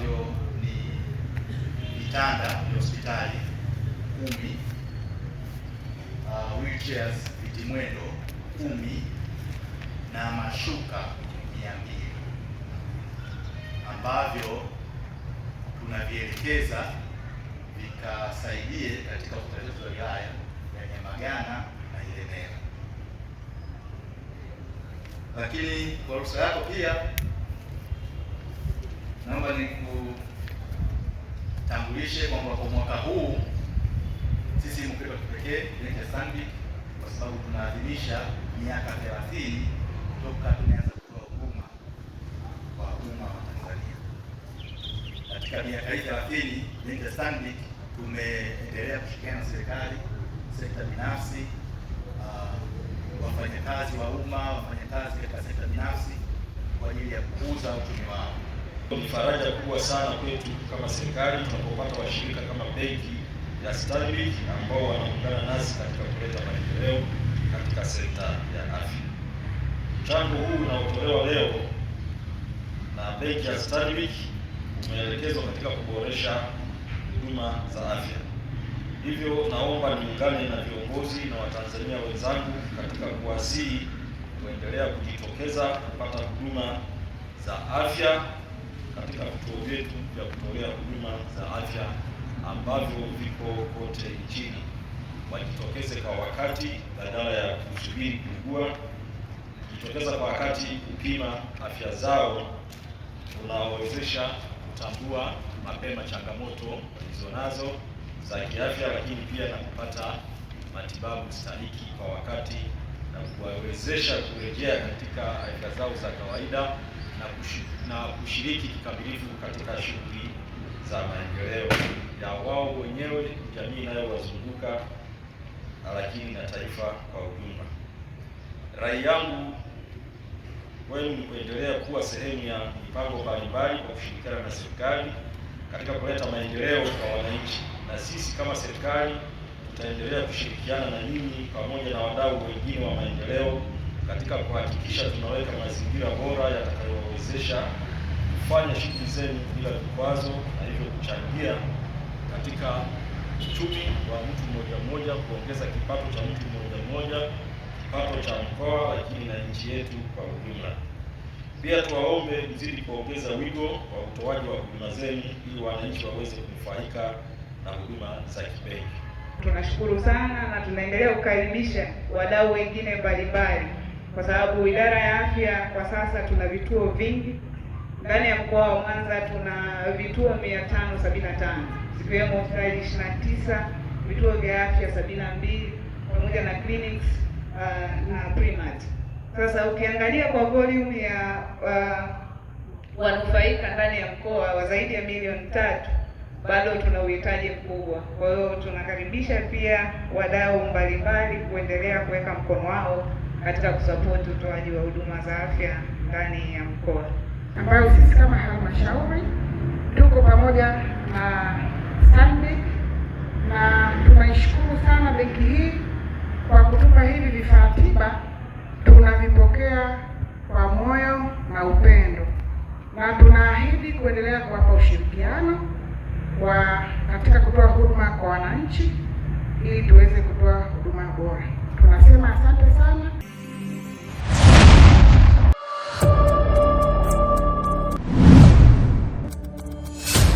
ambavyo ni vitanda vya hospitali kumi, uh, wheelchairs vitimwendo kumi na mashuka mia mbili ambavyo tunavielekeza vikasaidie katika hospitali zetu wilaya ya Nyamagana na Ilemela. Lakini kwa ruhusa yako pia nikutambulishe kwamba kwa mwaka huu sisi MUPEPA kipekee Stanbic kwa sababu tunaadhimisha miaka 30 toka tumeanza kutoa huduma kwa umma wa Tanzania. Katika miaka hii 30 Stanbic tumeendelea kushirikiana na serikali, sekta binafsi, uh, wafanyakazi wa umma, wafanyakazi katika sekta binafsi kwa ajili ya kukuza uchumi wao. Ni faraja kubwa sana kwetu kama serikali tunapopata washirika kama benki ya Stanbic ambao wanaungana nasi katika kuleta maendeleo katika sekta ya afya. Mchango huu unaotolewa leo na benki ya Stanbic umeelekezwa katika kuboresha huduma za afya. Hivyo naomba niungane na viongozi na Watanzania wenzangu katika kuwasihi kuendelea kujitokeza kupata huduma za afya katika vituo vyetu vya kutolea huduma za afya ambavyo viko kote nchini wajitokeze kwa wakati badala ya kusubiri kuugua. Kujitokeza kwa wakati kupima afya zao unawawezesha kutambua mapema changamoto walizonazo za kiafya, lakini pia na kupata matibabu stahiki kwa wakati na kuwawezesha kurejea katika afya zao za kawaida na kushiriki kikamilifu katika shughuli za maendeleo ya wao wenyewe, jamii inayowazunguka, lakini na taifa kwa ujumla. Rai yangu wenu ni kuendelea kuwa sehemu ya mipango mbalimbali kwa kushirikiana na serikali katika kuleta maendeleo kwa wananchi, na sisi kama serikali tutaendelea kushirikiana na nyinyi pamoja na wadau wengine wa maendeleo katika kuhakikisha tunaweka mazingira bora yatakayowawezesha kufanya shughuli zenu bila vikwazo na hivyo kuchangia katika uchumi wa mtu mmoja mmoja, kuongeza kipato cha mtu mmoja mmoja, kipato cha mkoa, lakini na nchi yetu kwa ujumla. Pia tuwaombe mzidi kuongeza wigo wa utoaji wa huduma zenu ili wananchi waweze kunufaika na huduma za kibenki. Tunashukuru sana na tunaendelea kukaribisha wadau wengine mbalimbali kwa sababu idara ya afya kwa sasa tuna vituo vingi ndani ya mkoa wa Mwanza. Tuna vituo 575 zikiwemo hospitali 29, vituo vya afya 72 pamoja na clinics uh, na primat. Sasa ukiangalia kwa volume ya uh, wanufaika ndani ya mkoa wa zaidi ya milioni tatu bado tuna uhitaji mkubwa. Kwa hiyo tunakaribisha pia wadau mbalimbali kuendelea kuweka mkono wao katika kusapoti utoaji wa huduma za afya ndani ya mkoa, ambayo sisi kama halmashauri tuko pamoja na SANDC na tunaishukuru sana benki hii kwa kutupa hivi vifaa tiba. Tunavipokea kwa moyo na upendo na tunaahidi kuendelea kuwapa ushirikiano wa katika kutoa huduma kwa wananchi ili tuweze kutoa huduma bora. Tunasema asante. Bye.